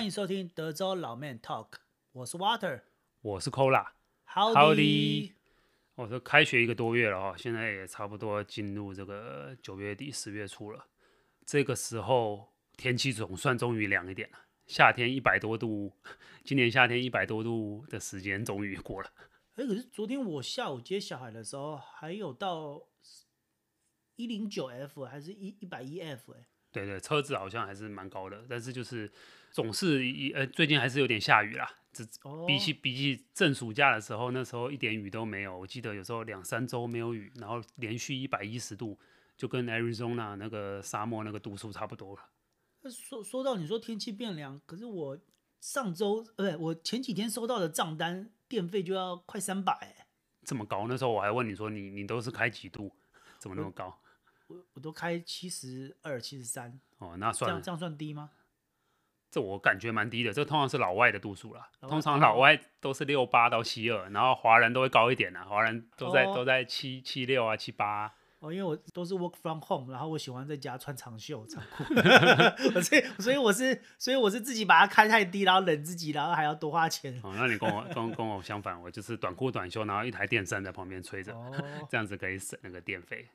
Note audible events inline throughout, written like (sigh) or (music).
歡迎收聽德州老 man Talk，我是 Water，我是 Cola，Howdy，我說開學一個多月了哦，現在也差不多進入這個九月底十月初了，這個時候天氣總算終於涼一點了，夏天一百多度，今年夏天一百多度的時間終於過了誒。可是昨天我下午接小孩的時候，還有到一零九 F 還是一一百一 F 誒，對對，車子好像還是蠻高的，但是就是。總是一呃、欸，最近還是有點下雨啦。這比起，oh. 比起正暑假的時候，那時候一點雨都沒有。我記得有時候兩三週沒有雨，然後連續一百一十度，就跟 Arizona 那個沙漠那個度數差不多了。說，說到你說天氣變涼，可是我上週呃，我前幾天收到的賬單電費就要快三百，這麼高？那時候我還問你說，你你都是開幾度，怎麼那麼高？我我，我都開七十二、七十三。哦，那算這樣，這樣算低嗎？這我感覺蠻低的，這通常是老外的度數了。通常老外都是六八到七二，然後華人都會高一點的、啊，華人都在、哦、都在七七六啊七八啊。哦，因為我都是 work from home，然後我喜歡在家穿長袖長褲，所以 (laughs) (laughs) 所以我是所以我是自己把它開太低，然後冷自己，然後還要多花錢。哦，那你跟我跟跟我相反，我就是短褲短袖，然後一台電扇在旁邊吹着，哦、這樣子可以省那個電費。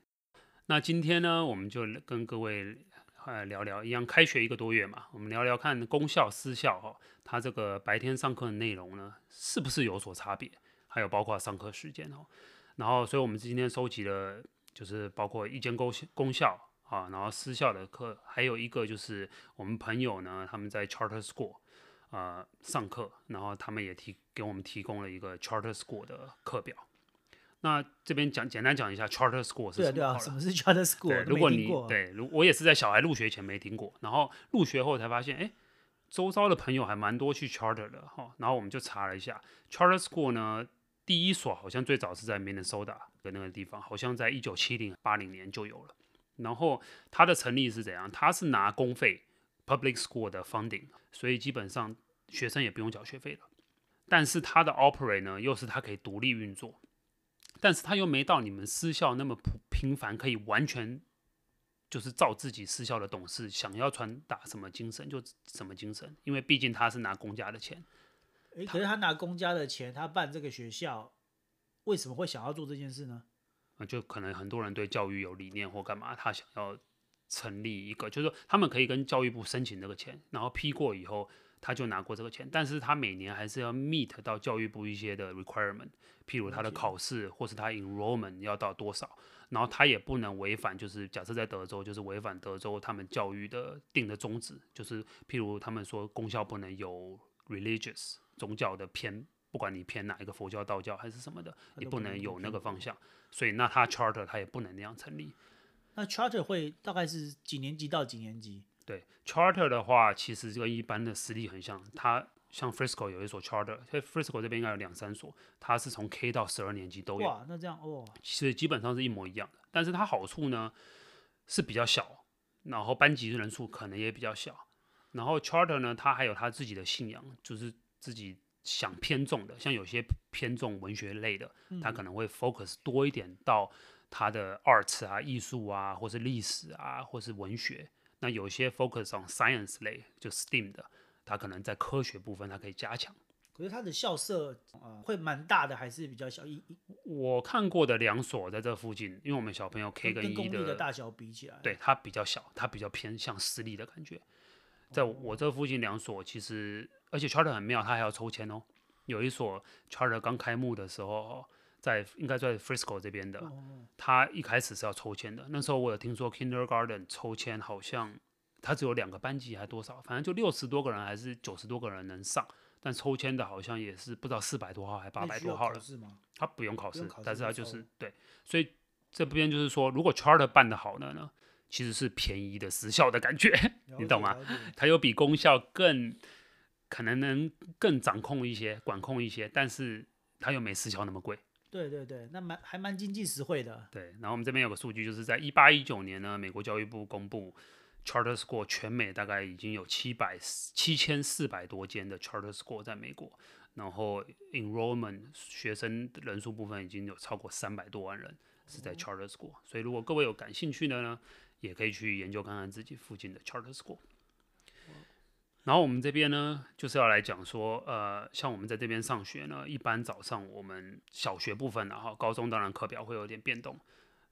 那今天呢，我們就跟各位。呃，聊聊一樣，開學一個多月嘛，我們聊聊看公校私校哈。它這個白天上課的內容呢，是不是有所差別？還有包括上課時間哦。然後，所以我們今天收集了，就是包括一間公校，啊，然後私校的課，還有一個就是我們朋友呢，他們在 charter school 啊、呃、上課，然後他們也提給我們提供了一個 charter school 的課表。那這邊講簡單講一下 charter school 是什麼？對啊，什麼是 charter school？對如果你對，如我也是在小孩入學前沒聽過，然後入學後才發現，哎，周遭的朋友還蠻多去 charter 的哈、哦。然後我們就查了一下 charter school 呢，第一所好像最早是在 Minnesota 的那個地方，好像在一九七零八零年就有了。然後它的成立是怎樣？它是拿公費 public school 的 funding，所以基本上學生也不用繳學費了。但是它的 operate 呢，又是它可以獨立運作。但是他又沒到你們私校那麼普平凡，可以完全就是照自己私校的董事想要傳達什麼精神就什麼精神，因為畢竟他是拿公家的錢。可是他拿公家的錢，他辦這個學校，為什麼會想要做這件事呢？啊，就可能很多人對教育有理念或幹嘛，他想要成立一個，就是說他們可以跟教育部申請這個錢，然後批過以後。他就拿過這個錢，但是他每年還是要 meet 到教育部一些的 requirement，譬如他的考試或是他 enrollment 要到多少，然後他也不能違反，就是假設在德州，就是違反德州他們教育的定的宗旨，就是譬如他們說公校不能有 religious 宗教的偏，不管你偏哪一個佛教、道教還是什麼的，你不,不能有那個方向，啊。所以那他 charter 他也不能那樣成立。那 charter 會大概是幾年級到幾年級？對 charter 的話，其實跟一般的私立很像，它像 Frisco 有一所 charter，所以 Frisco 這邊應該有兩三所，它是從 K 到十二年級都有。哇，那這樣哦，其實基本上是一模一樣的。但是它好處呢是比較小，然後班級人數可能也比較小。然後 charter 呢，它還有他自己的信仰，就是自己想偏重的，像有些偏重文學類的，他可能會 focus 多一點到他的 arts 啊、藝術啊，或是歷史啊，或是文學啊。那有些 focus on science 類，就 STEAM 的，它可能在科學部分，它可以加強。可是它的校舍啊、呃，會蠻大的，還是比較小？一一我看過的兩所在這附近，因為我們小朋友 K 跟一、e、的，的大小比起來，對它比較小，它比較偏向私立的感覺。在我這附近兩所，其實而且 Charter 很妙，他還要抽簽哦。有一所 Charter 剛開幕的時候。在應該在 Frisco 這邊的，他一開始是要抽籤的。那時候我有聽說 Kindergarten 抽籤好像他只有兩個班級還多少，反正就六十多個人還是九十多個人能上，但抽籤的好像也是不知道四百多號還八百多號了。他不用考試，但是他就是對，所以這邊就是說，如果 Charter 辦的好了呢呢，其實是便宜的私校的感覺，你懂嗎？它又比公校更可能能更掌控一些、管控一些，但是它又沒私校那麼貴。對對對，那蠻還蠻經濟實惠的。對，然後我們這邊有個數據，就是在一八一九年呢，美國教育部公布 charter school 全美大概已經有七百七千四百多間的 charter school 在美國，然後 enrollment 學生人數部分已經有超過三百多萬人是在 charter school，哦、所以如果各位有感興趣的呢，也可以去研究看看自己附近的 charter school。然後我們這邊呢，就是要來講說，呃，像我們在這邊上學呢，一般早上我們小學部分、啊，然後高中當然課表會有點變動，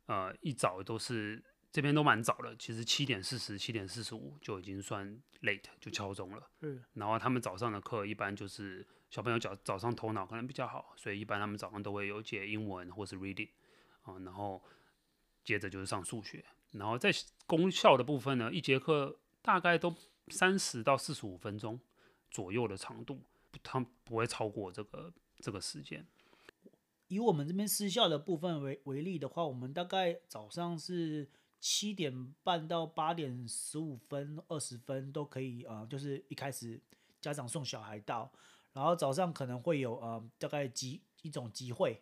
呃，一早都是這邊都蠻早的，其實七點四十、七點四十五就已經算 late 就敲鐘了。嗯。然後他們早上的課一般就是小朋友早早上頭腦可能比較好，所以一般他們早上都會有寫英文或是 reading，嗯、呃，然後接着就是上數學，然後在公校的部分呢，一節課大概都。三十到四十五分鐘左右的長度，它不，不會超過這個這個時間。以我們這邊私校的部分為為例的話，我們大概早上是七點半到八點十五分，二十分都可以呃，就是一開始家長送小孩到，然後早上可能會有呃大概集一種集會，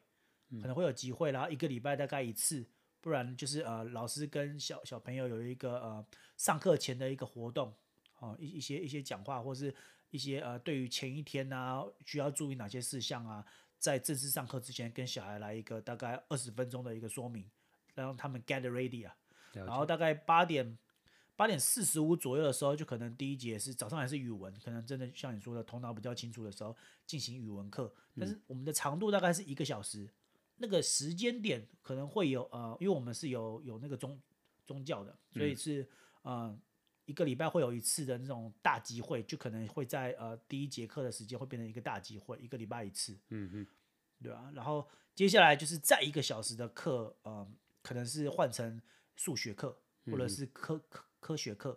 可能會有集會，然後一個禮拜大概一次，不然就是呃老師跟小小朋友有一個呃上課前的一個活動。哦，一一些一些講話，或是一些呃，對於前一天啊，需要注意哪些事項啊，在正式上課之前，跟小孩來一個大概二十分鐘的一個說明，讓他們 get ready 啊。了解。然後大概八點八點四十五左右的時候，就可能第一節是早上還是語文，可能真的像你說的，頭腦比較清楚的時候進行語文課。但是我們的長度大概是一個小時，嗯、那個時間點可能會有呃，因為我們是有有那個宗宗教的，所以是、呃、嗯。一個禮拜會有一次的那種大集會，就可能會在呃第一節課的時間會變成一個大集會，一個禮拜一次。嗯哼，對吧、啊？然後接下來就是再一個小時的課，呃，可能是換成數學課或者是科、嗯哼、科科學課，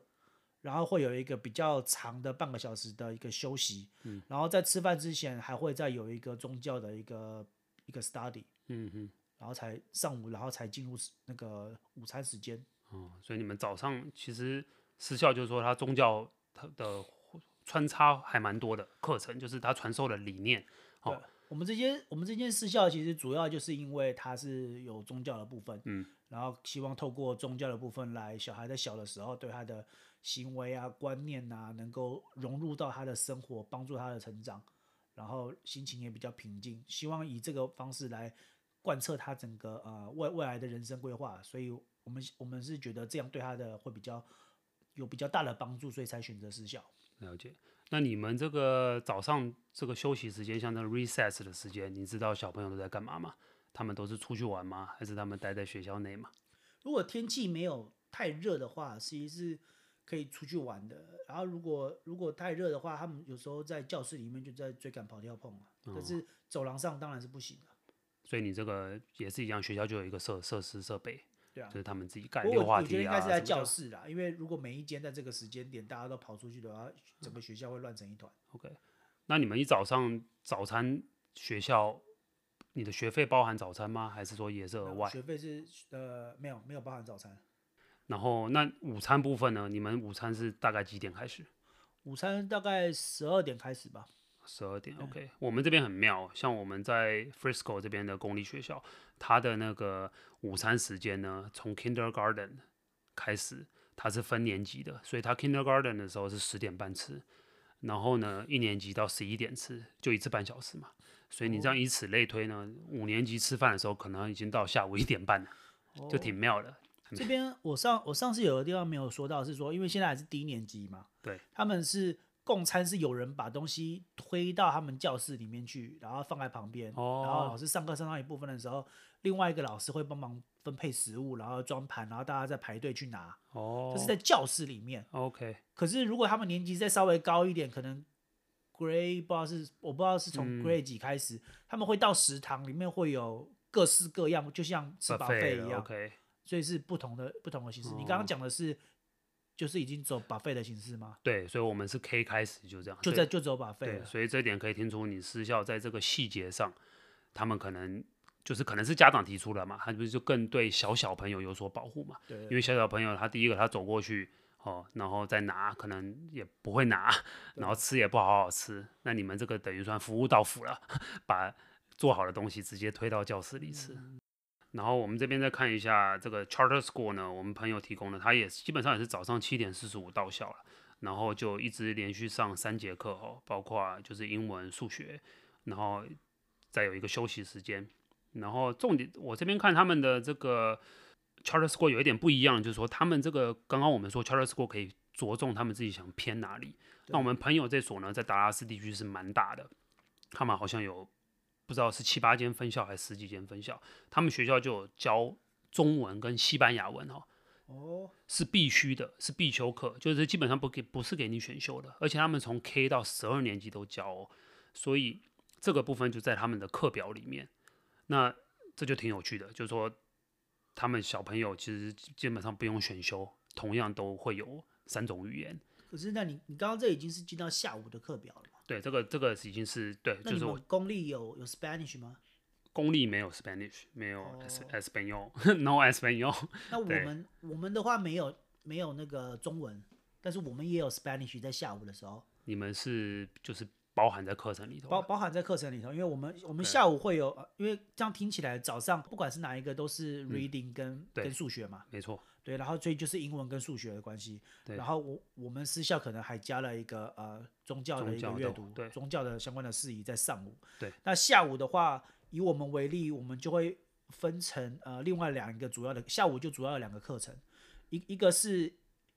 然後會有一個比較長的半個小時的一個休息。嗯，然後在吃飯之前還會再有一個宗教的一個一個 study、嗯哼。嗯，然後才上午，然後才進入那個午餐時間。哦，所以你們早上其實。私校，就是說，它宗教它的穿插還蠻多的課程，就是它傳授的理念。好、哦，我們這些我們這些私校其實主要就是因為它是有宗教的部分，嗯，然後希望透過宗教的部分來小孩在小的時候對他的行為啊、觀念啊，能夠融入到他的生活，幫助他的成長，然後心情也比較平靜，希望以這個方式來貫徹他整個呃未未來的人生規劃。所以，我們我們是覺得這樣對他的會比較有比較大的幫助，所以才選擇私校。了解，那你們這個早上這個休息時間，像那 recess 的時間，你知道小朋友都在幹嘛嗎？他們都是出去玩嗎？還是他們待在學校內嗎？如果天氣沒有太熱的話，其實是可以出去玩的。然後如果如果太熱的話，他們有時候在教室裡面就在追趕跑跳碰嘛、嗯、但可是走廊上當然是不行的。所以你這個也是一樣，學校就有一個設設施設備。對啊，就是他們自己幹的。話題啊。我應該是在教室啦，因為如果每一間在這個時間點大家都跑出去的話，整個學校會亂成一團。OK，那你們一早上早餐學校，你的學費包含早餐嗎？還是說也是額外？學費是呃沒有沒有包含早餐。然後那午餐部分呢？你們午餐是大概幾點開始？午餐大概十二點開始吧。十二點對，OK。我們這邊很妙，像我們在 Frisco 這邊的公立學校，它的那個午餐時間呢，從 Kindergarten 開始，它是分年級的，所以它 Kindergarten 的時候是十點半吃，然後呢，一年級到十一點吃，就一次半小時嘛。所以你這樣以此類推呢，哦、五年級吃飯的時候可能已經到下午一點半了，哦、就挺妙的。這邊我上我上次有個地方沒有說到，是說因為現在還是低年級嘛，對，他們是。供餐是有人把東西推到他們教室裡面去，然後放在旁邊，oh. 然後老師上課上到一部分的時候，另外一個老師會幫忙分配食物，然後裝盤，然後大家再排隊去拿。哦，oh. 這是在教室裡面。OK。可是如果他們年級再稍微高一點，可能 Grade 不知道是我不知道是從 Grade，嗯、幾開始，他們會到食堂裡面會有各式各樣，就像吃 buffet Okay. 一樣。OK。所以是不同的不同的形式。Oh. 你剛剛講的是。就是已經走 buffet 的形式嗎？對，所以我們是 K 開始就這樣，就在以就走 buffet 了。所以這一點可以聽出你私校在這個細節上，他們可能就是可能是家長提出來嘛，他不是就更對小小朋友有所保護嘛？對,對,對，因為小小朋友他第一個他走過去哦，然後再拿可能也不會拿，然後吃也不好好吃，對那你們這個等於算服務到府了，把做好的東西直接推到教室裡吃。嗯然後我們這邊再看一下這個 Charter School 呢，我們朋友提供的，他也是基本上也是早上七點四十五到校了，然後就一直連續上三節課哦，包括就是英文、數學，然後再有一個休息時間，然後重點我這邊看他們的這個 Charter School 有一點不一樣，就是說他們這個剛剛我們說 Charter School 可以着重他們自己想偏哪裡，那我們朋友這所呢，在達拉斯地區是蠻大的，他們好像有。不知道是七八間分校還是十幾間分校，他們學校就有教中文跟西班牙文哈，哦，是必須的，是必修課，就是基本上不給，不是給你選修的，而且他們從 K 到十二年級都教哦，所以這個部分就在他們的課表裡面。那這就挺有趣的，就是說他們小朋友其實基本上不用選修，同樣都會有三種語言。可是，那你你剛剛這已經是進到下午的課表了。對，這個這個已經是對。就是我公立有有 Spanish 嗎？公立沒有 Spanish，沒有 Español、oh. (laughs) no Español，那我們對我們的話沒有沒有那個中文，但是我們也有 Spanish 在下午的時候。你們是就是。包含在課程裡頭包，包包含在課程裡頭，因為我們我們下午會有，對因為這樣聽起來早上不管是哪一個都是 reading、嗯、跟對跟數學嘛，沒錯錯，對，然後所以就是英文跟數學的關係，對然後我我們私校可能還加了一個呃宗教的一個閱讀，對，宗教的相關的事宜在上午，對，那下午的話以我們為例，我們就會分成呃另外兩個主要的下午就主要有兩個課程，一一個是。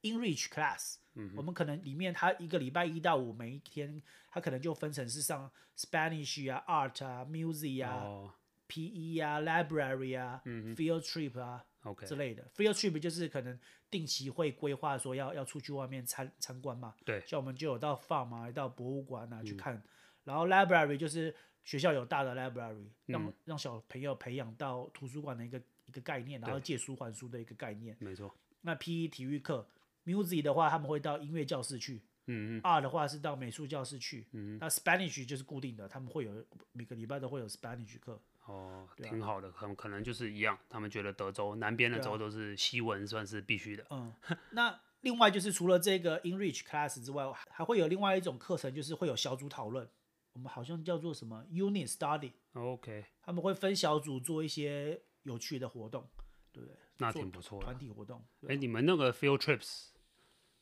In Reach Class，、嗯、哼我們可能裡面他一個禮拜一到五每一天，他可能就分成是上 Spanish 啊、Art 啊、Music 啊、哦、PE 啊、Library 啊、嗯、哼 Field Trip 啊 Okay. 之類的。Field Trip 就是可能定期會規劃說要要出去外面參參觀嘛。對。像我們就有到 farm 啊、到博物館啊去看。嗯、然後 Library 就是學校有大的 Library，讓、嗯、讓小朋友培養到圖書館的一個一個概念，然後借書還書的一個概念。沒錯對。那 PE 體育課。Music 的話，他們會到音樂教室去。嗯嗯哼。Art 的話是到美術教室去。嗯哼，那 Spanish 就是固定的，他們會有每個禮拜都會有 Spanish 課。哦，啊、挺好的。可能可能就是一樣，他們覺得德州南邊的州都是西文、啊、算是必須的。嗯。那另外就是除了這個 Enrich Class 之外，還會有另外一種課程，就是會有小組討論。我們好像叫做什麼 Unit Study。OK。他們會分小組做一些有趣的活動。對，不對。那挺不錯。團體活動。哎、啊欸，你們那個 Field Trips。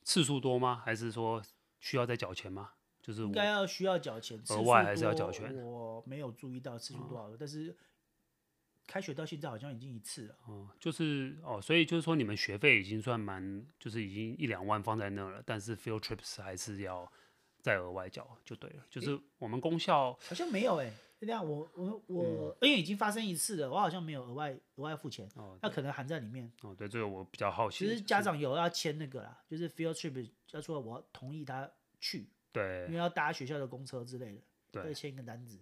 次數多嗎？還是說需要再繳錢嗎？就是應該要需要繳錢，額外還是要繳錢。要要錢，我沒有注意到次數多少，嗯、但是開學到現在好像已經一次了。哦、嗯，就是哦，所以就是說你們學費已經算蠻，就是已經一兩萬放在那了，但是 field trips 還是要再額外繳就對了。就是我們公校，欸、好像沒有哎，欸。這樣我我我，嗯，因為已經發生一次了，我好像沒有額外額外付錢，那，哦，可能含在裡面。哦，對，這個我比較好奇。其實家長有要簽那個啦，是就是 field trip 叫做我同意他去。對。因為要搭學校的公車之類的，對，簽一個單子。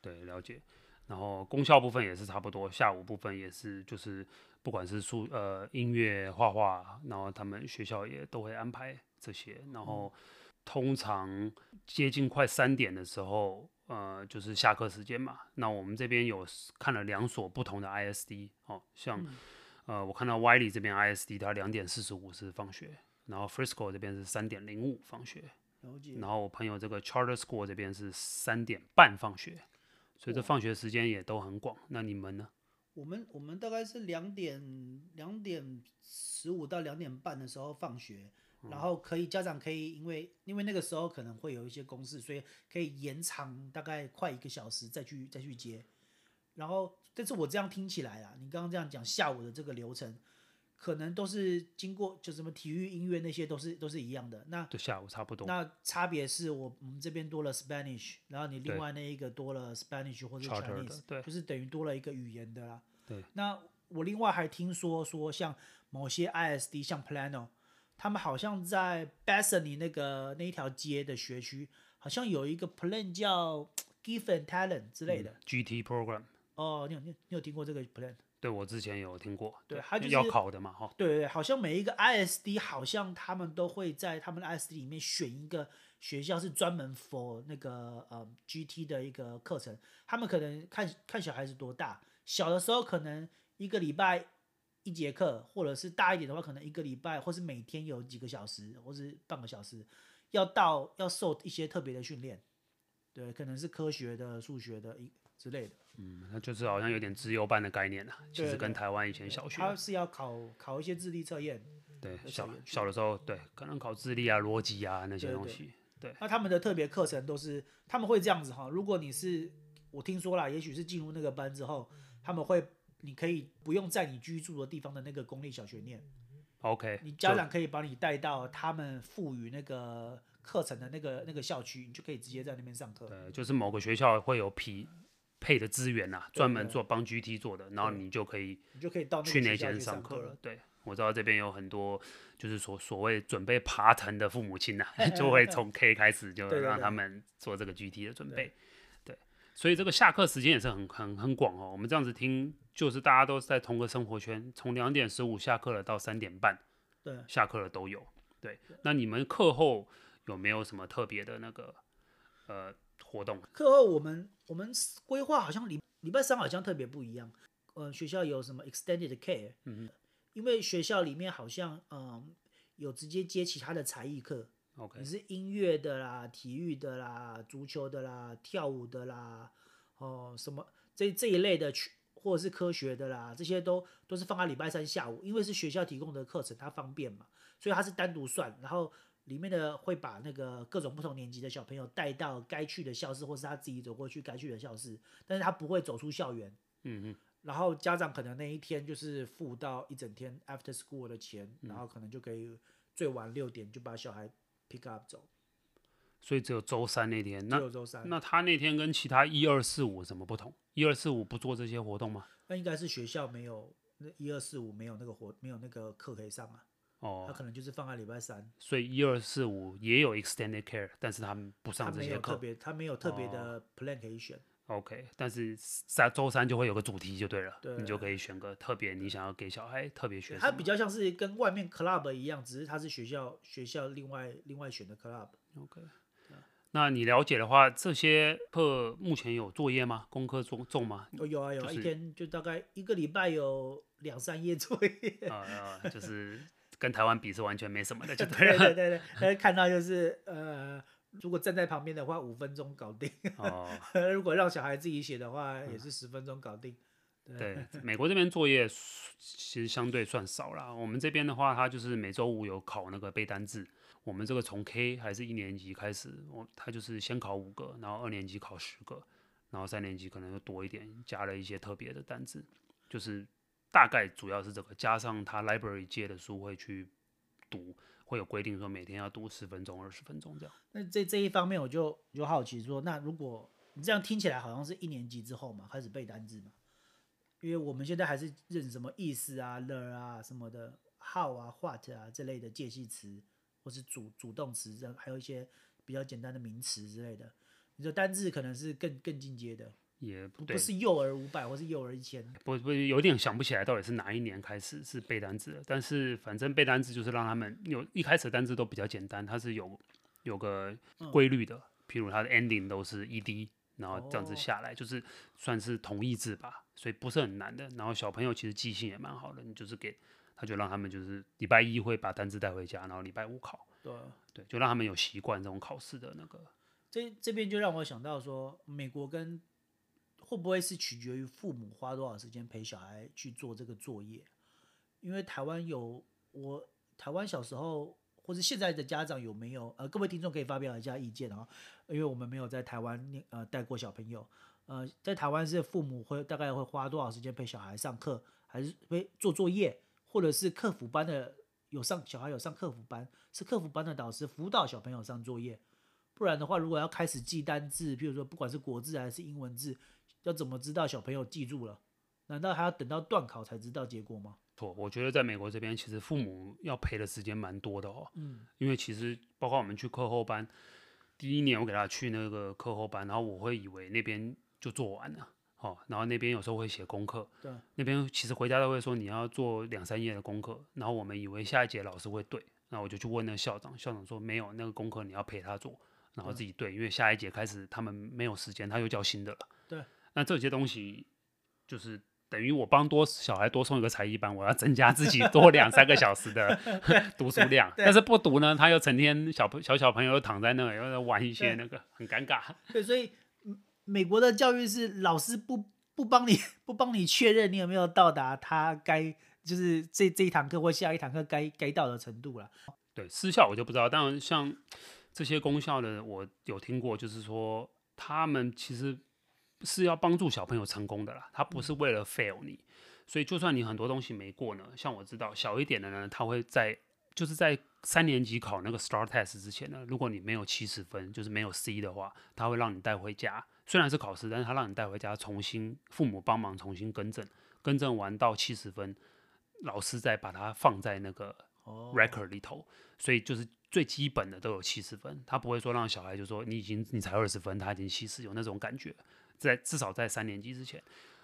對，了解。然後，公校部分也是差不多，下午部分也是，就是不管是書呃音樂、畫畫，然後他們學校也都會安排這些。然後，通常接近快三點的時候。嗯呃，就是下課時間嘛。那我們這邊有看了兩所不同的 ISD，哦，像，嗯、呃，我看到 Wylie 這邊 ISD 它兩點四十五是放學，然後 Frisco 這邊是三點零五放學，解然後我朋友這個 Charter School 這邊是三點半放學，所以這放學時間也都很廣。哇那你們呢？我們我們大概是兩點兩點十五到兩點半的時候放學。然後可以，家長可以，因為因為那個時候可能會有一些公事，所以可以延長大概快一個小時再去再去接。然後，但是我這樣聽起來啊，你剛剛這樣講下午的這個流程，可能都是經過，就什麼體育、音樂那些都是都是一樣的。那下午差不多。那差別是我我們這邊多了 Spanish，然後你另外那一個多了 Spanish 或者 Chinese，對，就是等於多了一個語言的啦。對。那我另外還聽說說，像某些 ISD 像 Plano。他們好像在 Bethany 那個那一條街的學區，好像有一個 plan 叫 Gifted and Talented 之類的。嗯，GT program。哦，你有你有聽過這個 plan？對，我之前有聽過。對，他就是要考的嘛，哈。對對，好像每一個 ISD 好像他們都會在他們的 ISD 裡面選一個學校是專門 for 那個呃 GT 的一個課程。他們可能看看小孩子多大，小的時候可能一個禮拜一節課，或者是大一點的話，可能一個禮拜，或是每天有幾個小時，或是半個小時，要到要受一些特別的訓練，對，可能是科學的、數學的，一之類的。嗯，那就是好像有點資優班的概念了、啊。對其實跟台灣以前小學它是要考考一些智力測驗，測驗，對，小小的時候，對，可能考智力啊、邏輯啊那些東西。對。對對，那他們的特別課程都是他們會這樣子哈，如果你是我聽說了，也許是進入那個班之後，他們會。你可以不用在你居住的地方的那個公立小學念，OK，你家長可以把你帶到他們賦予那個課程的那個那個校區，你就可以直接在那邊上課。對，嗯、就是某個學校會有匹對配的資源吶、啊，對專門做幫 GT 做的，對然後你就可以你就可以到那去那邊上課了。對，我知道這邊有很多就是所所謂準備爬藤的父母親吶、啊，哎、 (laughs) 就會從 K 開始就讓他們做這個 GT 的準備。所以這個下課時間也是很很很廣哦。我們這樣子聽，就是大家都是在同個生活圈，從兩點十五下課了到三點半，對，下課了都有。對，對，那你們課後有沒有什麼特別的那個呃活動？課後我們我們規劃好像禮禮拜三好像特別不一樣。嗯、呃，學校有什麼 extended care？嗯嗯哼。因為學校裡面好像嗯、呃、有直接接其他的才藝課。Okay. 你是音樂的啦，體育的啦，足球的啦，跳舞的啦，哦，什麼這這一類的，或者是科學的啦，這些都都是放在禮拜三下午，因為是學校提供的課程，它方便嘛，所以它是單獨算，然後裡面的會把那個各種不同年級的小朋友帶到該去的教室，或是他自己走過去該去的教室，但是他不會走出校園，嗯哼，然後家長可能那一天就是付到一整天 after school 的錢，嗯，然後可能就可以最晚六點就把小孩 pick up 走，所以只有周三那天。那只有周三，那他那天跟其他一二四五怎麼不同？一二四五不做這些活動嗎？那應該是學校沒有，那一二四五沒有那個活，沒有那個課可以上啊。哦，他可能就是放在禮拜三。所以一二四五也有 extended care，但是他們不上這些課，他沒有特別他沒有特別的 plan 可以選。哦 OK，但是三周三就會有個主題就對了，對你就可以選個特別你想要給小孩特別選。它比較像是跟外面 club 一樣，只是它是學校學校另外另外選的 club。OK，嗯、那你了解的話，這些課目前有作業嗎？功課做重嗎？哦有啊有啊，就是、一天就大概一個禮拜有兩三頁作業。啊啊、呃，就是跟台灣比是完全沒什麼的，對 (laughs) 對對對對，但是看到就是呃。如果站在旁邊的話，五分鐘搞定、哦呵呵。如果讓小孩自己寫的話，嗯、也是十分鐘搞定。對，對美國這邊作業其實相對算少啦。我們這邊的話，他就是每周五有考那個背單字。我們這個從 K 還是一年級開始，我他就是先考五個，然後二年級考十個，然後三年級可能又多一點，加了一些特別的單字。就是大概主要是這個，加上他 library 借的書會去讀。會有規定說每天要讀十分鐘、二十分鐘這樣。那在這，這一方面我就我就好奇說，那如果你這樣聽起來好像是一年級之後嘛，開始背單字嘛？因為我們現在還是認什麼意思啊、了啊什麼的、how 啊、what 啊這類的介系詞或是主主動詞，這還有一些比較簡單的名詞之類的。你說單字可能是更更進階的。也不，對不是幼兒五百，或是幼兒一千，不不，有點想不起來到底是哪一年開始是背單詞，但是反正背單詞就是讓他們有一開始的單詞都比較簡單，它是有有個規律的，嗯、譬如它的 ending 都是 ed，然後這樣子下來，哦，就是算是同義字吧，所以不是很難的。然後小朋友其實記性也蠻好的，你就是給他就讓他們就是禮拜一會把單子帶回家，然後禮拜五考。對對，就讓他們有習慣這種考試的那個。這這邊就讓我想到說美國跟會不會是取決於父母花多少時間陪小孩去做這個作業？因為台灣有我台灣小時候或者現在的家長有沒有？呃，各位聽眾可以發表一下意見啊、哦，因為我們沒有在台灣呃帶過小朋友，呃，在台灣是父母會大概會花多少時間陪小孩上課，還是會做作業，或者是課輔班的有上小孩有上課輔班？是課輔班的導師輔導小朋友上作業。不然的話，如果要開始記單字，譬如說不管是國字還是英文字。要怎麼知道小朋友記住了？難道還要等到段考才知道結果嗎？錯，我覺得在美國這邊，其實父母要陪的時間蠻多的哦。嗯，因為其實包括我們去課後班，第一年我給他去那個課後班，然後我會以為那邊就做完了，哦，然後那邊有時候會寫功課，對，那邊其實回家都會說你要做兩三頁的功課，然後我們以為下一節老師會對，然後我就去問那校長，校長說沒有那個功課，你要陪他做，然後自己對，嗯，因為下一節開始他們沒有時間，他又教新的了，對。那這些東西，就是等於我幫多小孩多送一個才藝班，我要增加自己多兩三個小時的 (laughs) 對讀書量。但是不讀呢，他又成天小朋小小朋友躺在那裡，又在玩一些那個，對很尷尬。對，所以美國的教育是老師不不幫你不幫你確認你有沒有到達他該就是這這一堂課或下一堂課該該到的程度了。對，私校我就不知道，但像這些公校的，我有聽過，就是說他們其實。是要幫助小朋友成功的啦，他不是為了 fail 你，嗯、所以就算你很多東西沒過呢，像我知道小一點的呢，他會在就是在三年級考那個 STAAR Test 之前呢，如果你沒有七十分，就是沒有 C 的話，他會讓你帶回家，雖然是考試，但是他讓你帶回家重新父母幫忙重新更正，更正完到七十分，老師再把它放在那個 record 裡頭，哦、所以就是最基本的都有七十分，他不會說讓小孩就說你已經你才二十分，他已經七十有那種感覺。在至少在三年級之前，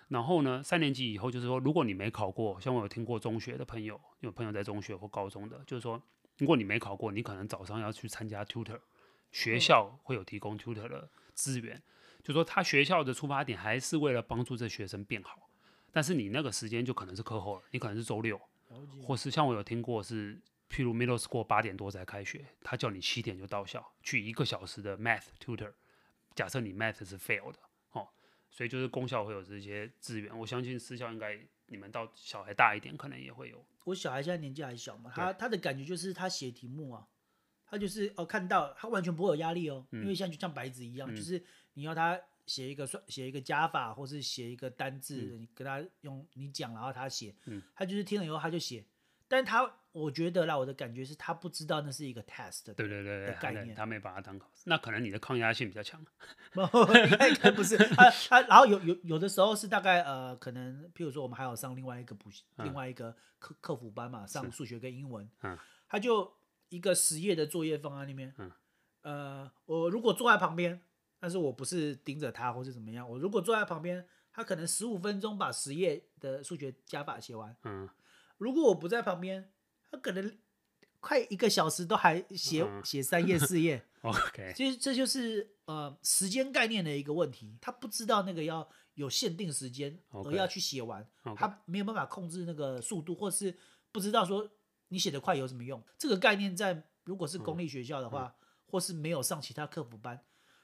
然後呢，三年級以後就是說，如果你沒考過，像我有聽過中學的朋友，有朋友在中學或高中的，就是說，如果你沒考過，你可能早上要去參加 tutor，學校會有提供 tutor 的資源，就是說他學校的出發點還是為了幫助這學生變好，但是你那個時間就可能是課後了，你可能是周六，或是像我有聽過是，譬如 Middle School 八點多才開學，他叫你七點就到校去一個小時的 Math tutor，假設你 Math 是 fail 的。所以就是公校會有這些資源，我相信私校應該你們到小孩大一點，可能也會有。我小孩現在年紀還小嘛，他對他的感覺就是他寫題目啊，他就是哦看到他完全不會有壓力哦，嗯、因為現在就像白紙一樣，嗯、就是你要他寫一個算寫一個加法，或是寫一個單字，嗯、你跟他用你講，然後他寫，嗯、他就是聽了以後他就寫，但他。我覺得啦，我的感覺是他不知道那是一個 test，的對對對，的概念他沒把它當考試。那可能你的抗壓性比較強， (laughs) 應該不是他他然後有有有的時候是大概呃，可能譬如說我們還有上另外一個補習、嗯、另外一個課課輔班嘛，上數學跟英文。嗯、他就一個十頁的作業放在那邊。嗯、呃，我如果坐在旁邊，但是我不是盯着他或是怎麼樣。我如果坐在旁邊，他可能十五分鐘把十頁的數學加法寫完。嗯、如果我不在旁邊。他可能快一個小時都還寫寫、uh, 三頁四頁，OK，其實這就是呃時間概念的一個問題，他不知道那個要有限定時間 Okay. 而要去寫完，Okay. 他沒有辦法控制那個速度，或是不知道說你寫得快有什麼用。這個概念在如果是公立學校的話，嗯嗯、或是沒有上其他課輔班，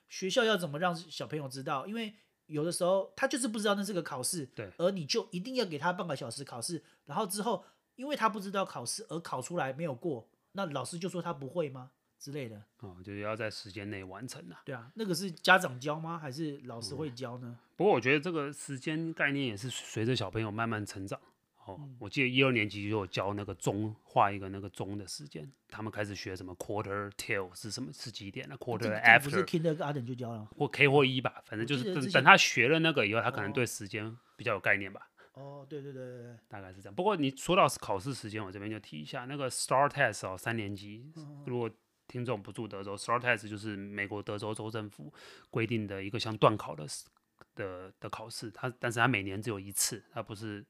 學校要怎麼讓小朋友知道？因為有的時候他就是不知道那是個考試，對而你就一定要給他半個小時考試，然後之後。因為他不知道考試，而考出來沒有過，那老師就說他不會嗎之類的？哦，就要在時間內完成了、啊。對啊，那個是家長教嗎？還是老師會教呢、嗯？不過我覺得這個時間概念也是隨着小朋友慢慢成長。哦，嗯、我記得一二年級就有教那個鐘，畫一個那個鐘的時間，他們開始學什麼 quarter till 是什麼，是幾點的 quarter after。是 kindergarten 就教了，或 K 或一吧，反正就是等等他學了那個以後，他可能對時間比較有概念吧。哦哦，對對對對對，大概是這樣。不過你說到考試時間，我這邊就提一下那個 STAR Test 哦，三年級。如果聽眾不住德州，哦哦，STAR Test 就是美國德州州政府規定的一個像段考的的的考試。它但是它每年只有一次，它不是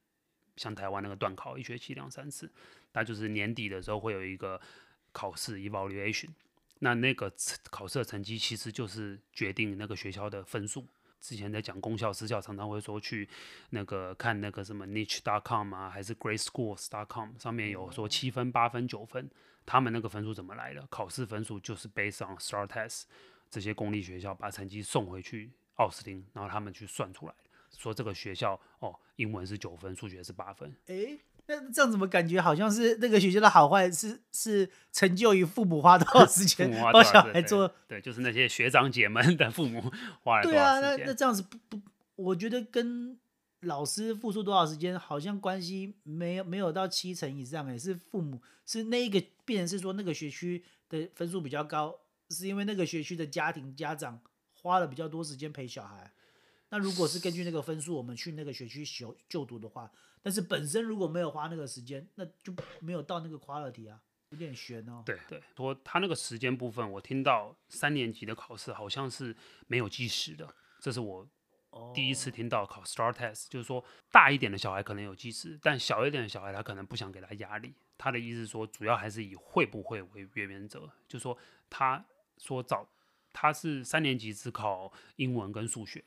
像台灣那個段考一學期兩三次，它就是年底的時候會有一個考試 evaluation。那那個考試的成績其實就是決定那個學校的分數。之前在講公校、私校，常常會說去那個看那個什麼 niche.com 啊，還是 gradeschools.com 上面有說七分、八分、九分，他們那個分數怎麼來的？考試分數就是 based on STAR test，這些公立學校把成績送回去奧斯汀，然後他們去算出來，說這個學校哦，英文是九分，數學是八分。誒。那這樣怎麼感覺好像是那個學校的好壞是是成就於父母花多少時間幫小孩做對對？對，就是那些學長姐們的父母花多少時間對啊，那那這樣子不不，我覺得跟老師付出多少時間好像關係沒有沒有到七成以上誒、欸，是父母是那個變成是說那個學區的分數比較高，是因為那個學區的家庭家長花了比較多時間陪小孩。那如果是根據那個分數，我們去那個學區修就讀的話。但是本身如果沒有花那個時間，那就沒有到那個 quality 啊，有點懸哦。對對，說他那個時間部分，我聽到三年級的考試好像是沒有計時的，這是我第一次聽到考 Star Test，t、哦，就是說大一點的小孩可能有計時，但小一點的小孩他可能不想給他壓力。他的意思是說，主要還是以會不會為原則，就是說他說早他是三年級只考英文跟數學，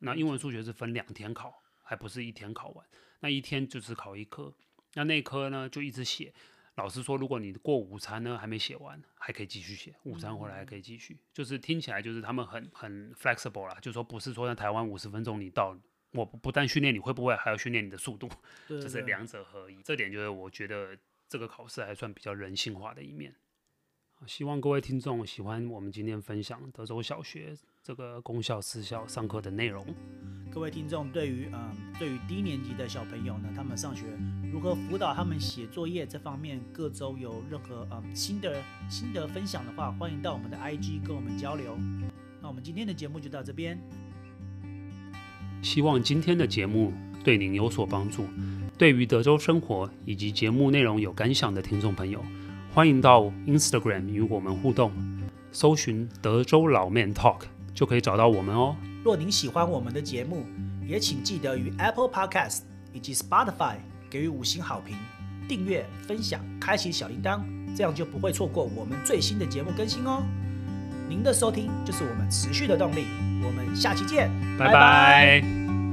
那英文數學是分兩天考，還不是一天考完。那一天就只考一科，那那科呢就一直寫。老師說，如果你過午餐呢還沒寫完，還可以繼續寫，午餐回來還可以繼續。嗯嗯，就是聽起來就是他們很很 flexible 啦。就是說不是說在台灣五十分鐘你到，我不，不但訓練你會不會，還要訓練你的速度，這是兩者合一。這點就是我覺得這個考試還算比較人性化的一面。希望各位聽眾喜歡我們今天分享德州小學，這個公校、私校上課的內容，各位聽眾對於嗯，對於低年級的小朋友呢，他們上學如何輔導他們寫作業這方面，各州有任何嗯，新的心得分享的話，歡迎到我們的 IG 跟我們交流。那我們今天的節目就到這邊，希望今天的節目對您有所幫助。對於德州生活以及節目內容有感想的聽眾朋友，歡迎到 Instagram 與我們互動，搜尋德州老 man talk，就可以找到我們哦。若您喜歡我們的節目，也請記得於 Apple Podcast 以及 Spotify 給予五星好評、訂閱、分享、開啟小鈴鐺，這樣就不會錯過我們最新的節目更新哦。您的收聽就是我們持續的動力。我們下期見，拜拜。拜拜。